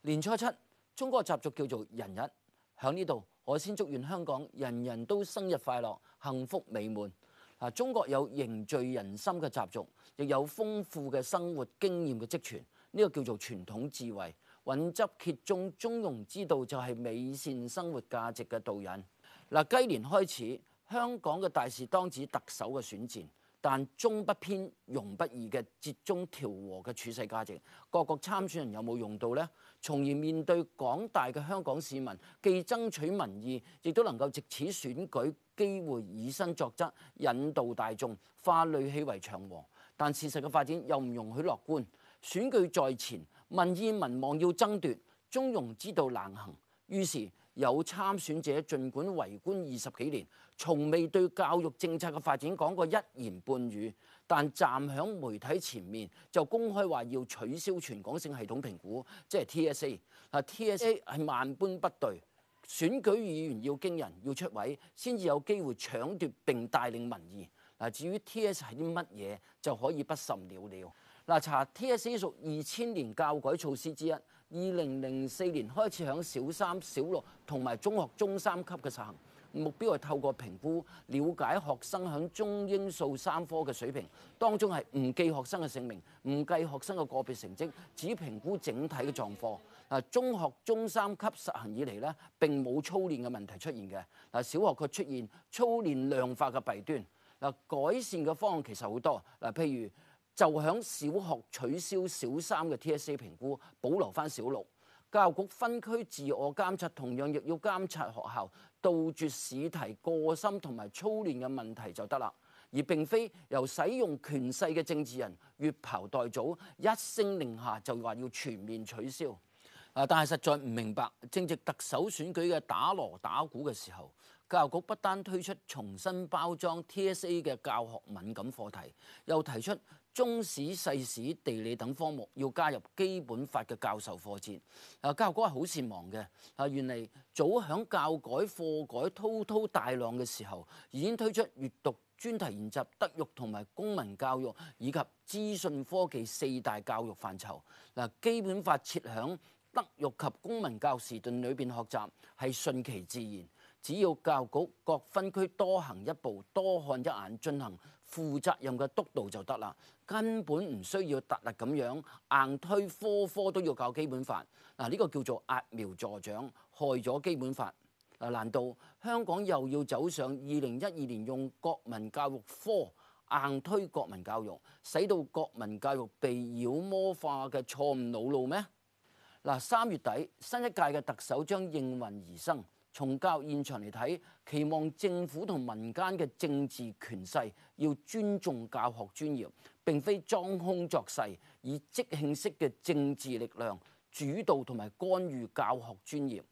年初七，中國習俗叫做人日，喺呢度我先祝願香港人人都生日快樂、幸福美滿。嗱，中國有凝聚人心嘅習俗，亦有豐富嘅生活經驗嘅積存，呢、這個叫做傳統智慧。允執厥中，中庸之道就係美善生活價值嘅導引。嗱，雞年開始。香港嘅大事當指特首嘅選戰，但中不偏、容不易嘅折中調和嘅處世價值，各個參選人有冇用到呢？從而面對廣大嘅香港市民，既爭取民意，亦都能夠藉此選舉機會以身作則，引導大眾化戾氣為祥和。但事實嘅發展又唔容許樂觀，選舉在前，民意民望要爭奪，中庸之道難行，於是。有參選者，儘管圍觀二十幾年，從未對教育政策嘅發展講過一言半語，但站響媒體前面就公開話要取消全港性系統評估，即係 TS TSA。嗱，TSA 係萬般不對。選舉議員要驚人，要出位，先至有機會搶奪並帶領民意。嗱，至於 TSA 係啲乜嘢，就可以不甚了了。嗱，查 TSA 屬二千年教改措施之一。二零零四年開始響小三、小六同埋中學中三級嘅實行。目標，係透過評估了解學生響中英數三科嘅水平，當中係唔計學生嘅姓名、唔計學生嘅個別成績，只評估整體嘅狀況。中學中三級實行以嚟咧並冇操練嘅問題出現嘅，小學卻出現操練量化嘅弊端。改善嘅方案其實好多，譬如。就喺小學取消小三嘅 TSA 評估，保留返小六。教育局分區自我監察同樣亦要監察學校杜絕試題過深同埋操練嘅問題就得啦，而並非由使用權勢嘅政治人越庖代俎一聲令下就話要全面取消。啊！但係實在唔明白正值特首選舉嘅打鑼打鼓嘅時候。教育局不單推出重新包裝 TSA 嘅教學敏感課題，又提出中史、世史、地理等科目要加入基本法嘅教授課程。啊，教育局係好善忘嘅。啊，原來早響教改、課改滔滔大浪嘅時候，已經推出閱讀專題研習、德育同埋公民教育以及資訊科技四大教育範疇。基本法設響德育及公民教育時段裏面學習係順其自然。只要教育局各分區多行一步、多看一眼，進行負責任嘅督導就得啦。根本唔需要特立咁樣硬推科科都要教基本法。嗱，呢個叫做揠苗助長，害咗基本法。嗱，難道香港又要走上二零一二年用國民教育科硬推國民教育，使到國民教育被妖魔化嘅錯誤老路咩？嗱，三月底新一屆嘅特首將應運而生。從教育現場嚟睇，期望政府同民間嘅政治權勢要尊重教學專業，並非裝腔作勢，以即興式嘅政治力量主導同埋干預教學專業。